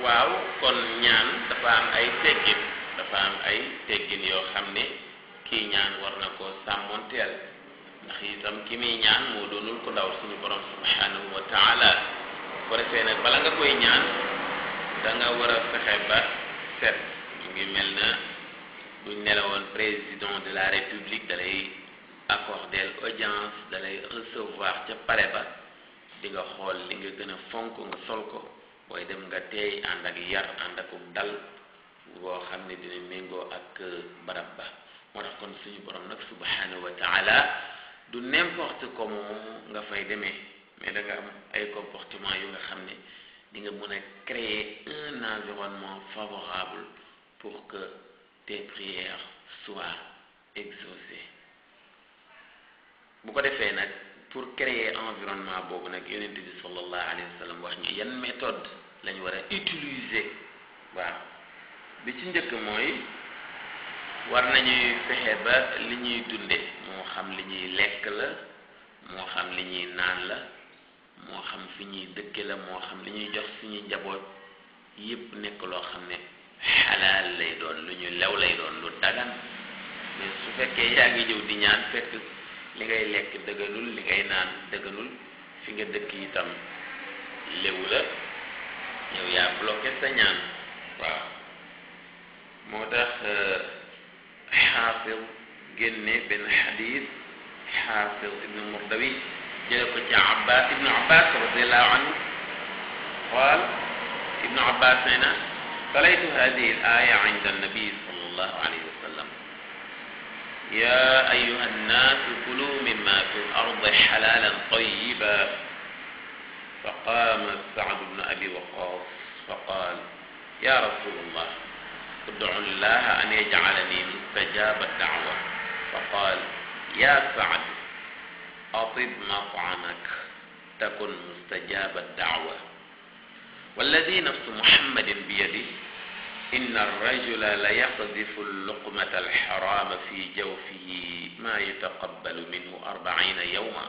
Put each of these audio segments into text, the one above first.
waaw kon ñaan dafa am ay teggin dafa am ay teggin yoo xam ne kii ñaan war na koo sàmmonteel ndax itam ki muy ñaan moo doonul ko ndaw suñu borom subhanahu wa taala nag bala nga koy ñaan da war a fexe ba set mu ngi mel na buñ nelawoon président de la république dalay accorder audience dalay recevoir ca pare ba di nga xool li nga gën a fonk nga sol ko booy dem nga teey ànd ak yar ànd ak dal woo xam ne dina méngoo ak euh, barab ba moo tax kon suñu borom nag subhanahu wa du n'importe comment nga fay demee mais danga nga am ay comportement yu nga xam ne dinga nga mën a créer un environnement favorable pour que tes prières soient exaucées bu ko defee nag pour créer environnement boobu nag yonent bi sallallahu alayhi wa sallam wax ñu yan méthode la ñu war a utiliser waaw bi ci njëkk mooy war nañuy fexe ba li ñuy dunde moo xam li ñuy lekk la moo xam li ñuy naan la moo xam fi ñuy dëkke la moo xam li ñuy jox suñuy njaboot yépp nekk loo xam ne xalaal lay doon lu ñu lew lay doon lu dagan mais su fekkee yaa ngi ñëw di ñaan fekk li ngay lekk dëgganul li ngay naan dëgganul fi nga dëkk itam léwu la yow yaa bloqué sa ñaan waaw moo tax euh, xaafil génne benn xadis xaafil ibnu murdawi jële ko ci abbas ibnu abbas radiallahu anhu qaal ibnu abbas nee na talaytu hadihi al aya inda annabi sallallahu alayhi يا أيها الناس كلوا مما في الأرض حلالا طيبا فقام سعد بن أبي وقاص فقال يا رسول الله ادع الله أن يجعلني مستجاب الدعوة فقال يا سعد أطب مطعمك تكن مستجاب الدعوة والذي نفس محمد بيده inna rajula la yaqdifu luqmata alxarama fi jawfihi ma yutaqabbalu minhu arbaina yawma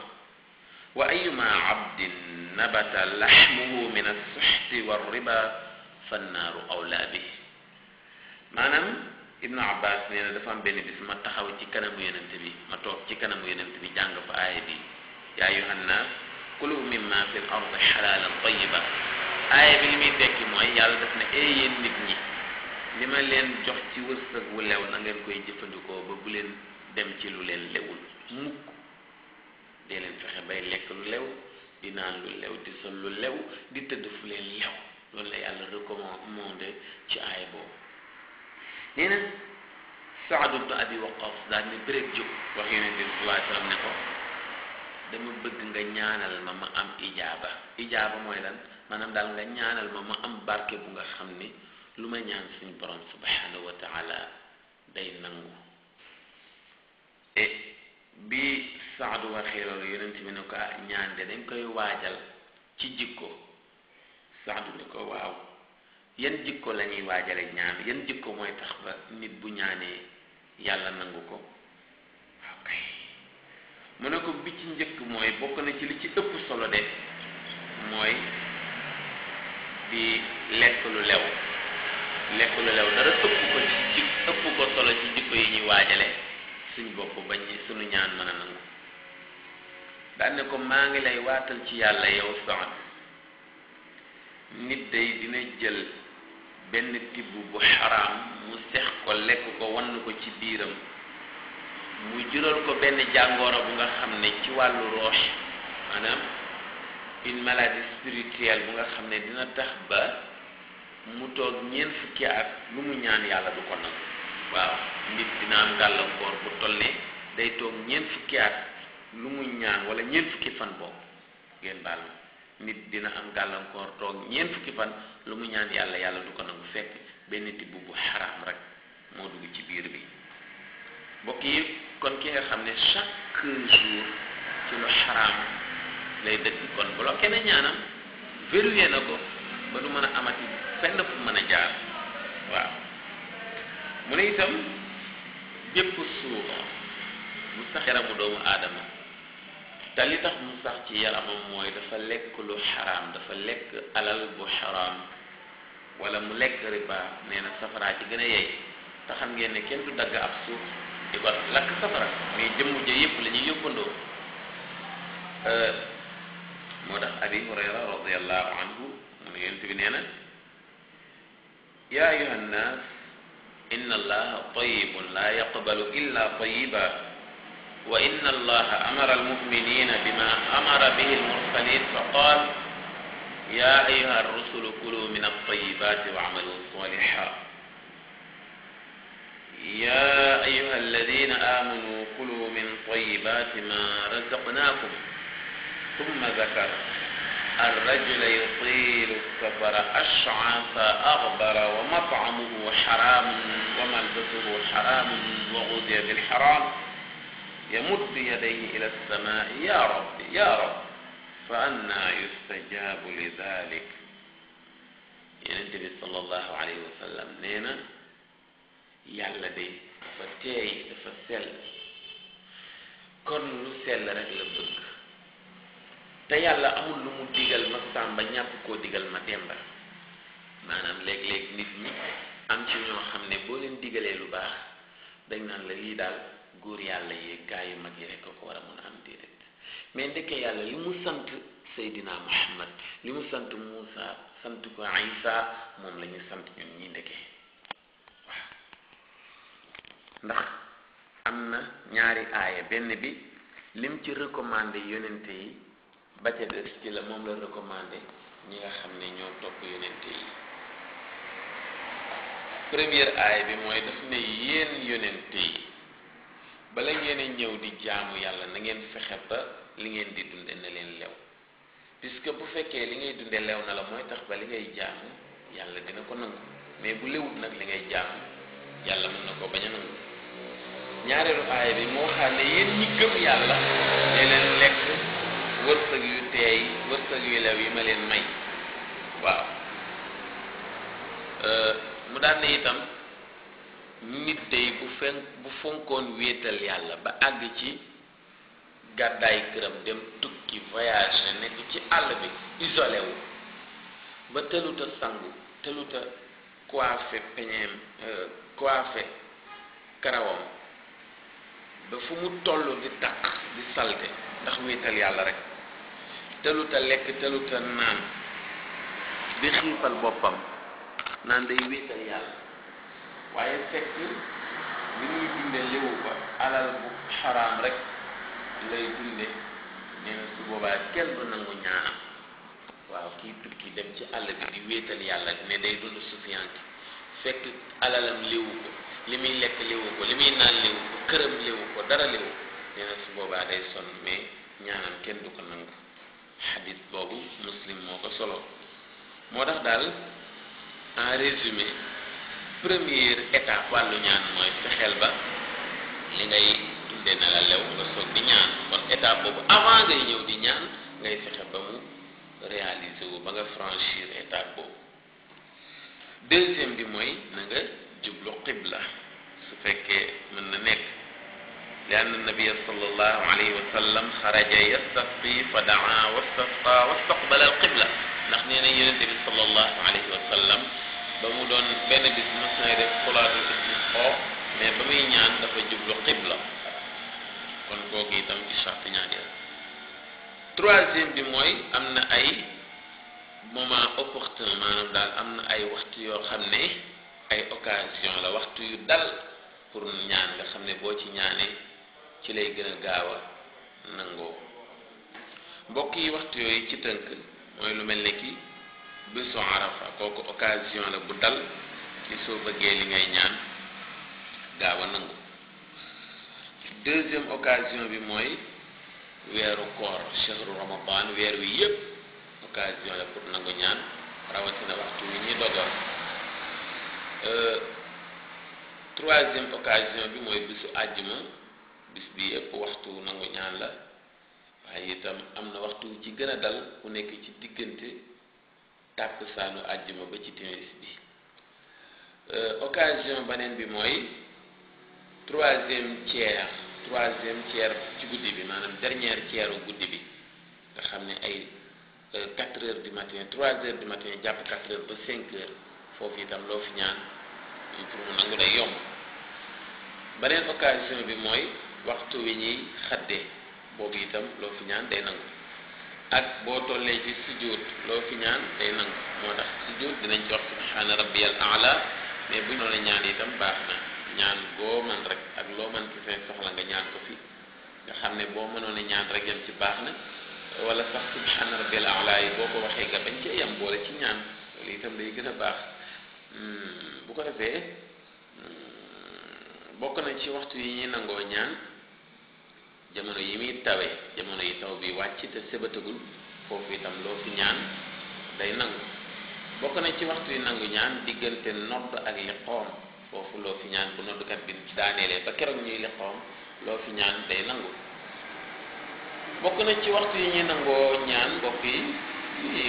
wa ayuma abdin nabata laxmuhu min alsuxti walriba fannaaru awlaa bi maanaam ibnu abbas nee na dafa am benn bis ma taxaw ci kanamu yonent bi ma toog ci kanamu yonent bi jàng fa aaya bi yaa ayuhan naas kulu mimma fi l ardi xalaalan tayiba aaya bi li muy tekki mooy yàlla def na ee yéen nit ñi li ma leen jox ci wërsëg wu lew na koy jëfandikoo ba bu leen dem ci lu leen lewul mukk dee leen fexe bay lekk lu lew di naan lu lew di sol lu lew di tëdd fu leen lew loolu la yàlla recommandé ci aay boobu nee na Saad ibn Abi Waqas daal jóg wax yonent bi sallallahu alayhi ne ko dama bëgg nga ñaanal ma ma am ijaaba ijaaba mooy lan maanaam daal nga ñaanal ma ma am barke bu nga xam ni lu ma ñaan suñu borom subhanahu wa day nangu e bi saadu waxee loolu yonent bi ne ko ah ñaan de dañ koy waajal ci jikko saadu ne ko waaw yan jikko la ñuy waajale ñaan yan jikko mooy tax ba nit bu ñaanee yàlla nangu ko waaw kay mu ne ko bi ci njëkk mooy bokk na ci li ci ëpp solo de mooy bi lekk lu lew lekk lu lew dara ëpp ko ci ëpp ko solo ci jikko yi ñuy waajale suñ bopp bañ suñu ñaan mën a nangu daan ko maa ngi lay waatal ci yàlla yow soxna nit day dina jël benn tibb bu xaraam mu sex ko lekk ko wann ko ci biiram mu jural ko benn jàngooro bu nga xam ne ci wàllu roche maanaam une maladie spirituelle bu nga xam ne dina tax ba mu toog ñeent fukki at lu mu ñaan yàlla du ko nangu waaw nit dina am gàllankoor bu toll ne day toog ñeent fukki at lu mu ñaan wala ñeent fukki fan boobu ngeen baal ma nit dina am gàllankoor toog ñeent fukki fan lu mu ñaan yàlla yàlla du ko nangu fekk benn tibb bu xaraam rek moo dugg ci biir bi mbokk yi kon ki nga xam ne chaque jour ci lu xaraam lay dëkk kon bloqué na ñaanam verrouillé na ko ba du mën a amati. fenn fu mën a jaar waaw mu ne itam bépp suuxa mu sax yaramu doomu aadama te li tax mu sax ci yaramam mooy dafa lekk lu xaraam dafa lekk alal bu xaraam wala mu lekk riba nee na safaraa ci gën a yey te xam ngeen ne kenn du dagg ab suuf di ko lakk safara mais jëmm ja yëpp la ñuy euh, moo tax abi hurayra radiallahu anhu mu ne yonent nee na yaa ayyuha nnaas inna allaha tayyibun laa yaqbalu illa tayyiba wa inna allaha amara almuminina bima amara bihi almursalin fa qaal yaa ayyuha arrusulu kulu min altayibaati wacmalu saliha يا أيها الذين آمنوا كلوا من طيبات ما رزقناكم ثم ذكر الرجل يطيل السفر أشعث أغبر ومطعمه حرام وملبسه حرام وغذي بالحرام يمد يديه إلى السماء يا رب يا رب فأنا يستجاب لذلك Yonent bi sallallahu alayhi wa sallam nee na yàlla de dafa teey dafa sell kon lu sell rek la bëgg te yàlla amul lu mu digal ma sàmba ñàpp koo digal ma demba maanaam léeg-léeg nit ñi am ci ñoo xam ne boo leen digalee lu baax dañ naan la lii daal góor yàlla yeeg gaa yu mag yi rekk ko war a mun a am déedéet mais ndekkee yàlla li mu sant Seydina Muhammad li mu sant Muusa sant ko Isa moom la sant ñun ñi ndekkee ndax am na ñaari aaya benn bi lim ci recommandé yonente yi ba ca des ci la moom la recommandé ñi nga xam ne ñoo topp yonente yi première aay bi mooy daf ne yéen yonente yi bala ngeen a ñëw di jaamu yàlla na ngeen fexe ba li ngeen di dunde na leen lew puisque bu fekkee li ngay dunde lew na la mooy tax ba li ngay jaamu yàlla dina ko nangu mais bu lewut nag li ngay jaamu yàlla mën na ko bañ nangu ñaareelu aaya bi moo xam ne yéen ñi gëm yàlla ne leen lekk wërsëg yu teey wërsëg yu lew yi ma leen may waaw euh, mu daan ne itam nit bu fen bu fonkoon wéetal yàlla ba àgg ci gàddaay këram dem tukki voyage nekk ci àll bi isolé ba tëluta sangu tëluta coiffé peñeem euh, coiffé karawam ba fu mu toll di takk di salte ndax wéetal yàlla rek tëlut a lekk tëlut a naan di xiifal boppam naan day wéetal yàlla waaye fekk li muy dunde léwu ba alal bu xaraam rek lay dunde nee su boobaa kenn du nangu ñaanam waaw kii tukki dem ci àll bi di wéetal yàlla ne day dund sufiyanke fekk alalam léwu ko li muy lekk léwu ko li muy naan léwu ko këram léwu ko dara léwu nee na su boobaa day sonn mais ñaanam kenn du ko nangu xadis boobu muslim moo ko solo moo tax daal en résumé première étape wàllu ñaan mooy fexeel ba li ngay dundee na la lew nga soog di ñaan kon étape boobu avant ngay ñëw di ñaan ngay fexe ba mu réaliser ba nga franchir étape boobu deuxième bi mooy na nga jublu xibla su fekkee li anna nabiyya sallallahu alayhi wa sallam xaraja yastasqi fa daa wastasqa wastaqbala alqibla ndax nee na yonente bi sallallahu alayhi wa sallam ba mu doon benn bis mos na def salaatul istisqa mooy am na ay moment opportun maanaam daal na ay waxtu yoo xam ne ay occasion la waxtu yu dal pour ñaan nga xam ne boo ci ñaanee ci lay gën a nangoo mbokk yi waxtu yooyu ci tënk mooy lu mel ni ki bésu arafa kooku occasion la bu dal ci soo bëggee li ngay ñaan gaaw a nangu deuxième occasion bi mooy weeru koor chahru ramadan weer wi yépp occasion la pour nangu ñaan rawatina waxtu wi ñuy dogal euh, troisième occasion bi mooy bisu àjjuma bis bi yëpp waxtu nangu ñaan la waaye itam am na waxtu ci gën a dal ku nekk ci diggante tàkkusaanu àjjuma ba ci timis bi euh, occasion beneen bi mooy troisième tiers troisième tiers ci guddi bi maanaam dernière tiersu guddi bi nga xam ne ay euh, quatre heures du matin trois heures du matin jàpp quatre heures ba cinq heures foofu itam loo fi ñaan mu nangu lay yomb beneen occasion bi mooy waxtu wi ñuy xadde boobu itam loo fi ñaan day nangu ak boo tollee ci sujjóot loo fi ñaan day nangu moo tax sujjóot dinañ ci wax subhaana rabbiyal aala mais bu ñu la ñaan itam baax na ñaan boo man rek ak loo man ci say soxla nga ñaan ko fi nga xam ne boo mënoon a ñaan rek yam ci baax na walla sax subhaana rabbiyal aala yi boo ko waxee nga bañ cee yam boole ci ñaan loolu itam day gën a baax hmm, bu ko defee hmm, bokk na ci waxtu yi ñuy nangoo ñaan jamono yi muy tawee jamono yi taw bi wàcc te sëbatagul foofu itam loo fi ñaan day nangu bokk na ci waxtu yi nangu ñaan diggante nodd ak liqoom foofu loo fi ñaan bu noddukat bi daaneelee ba keroog ñuy liqoom loo fi ñaan day nangu bokk na ci waxtu yi ñuy nangoo ñaan bokk yi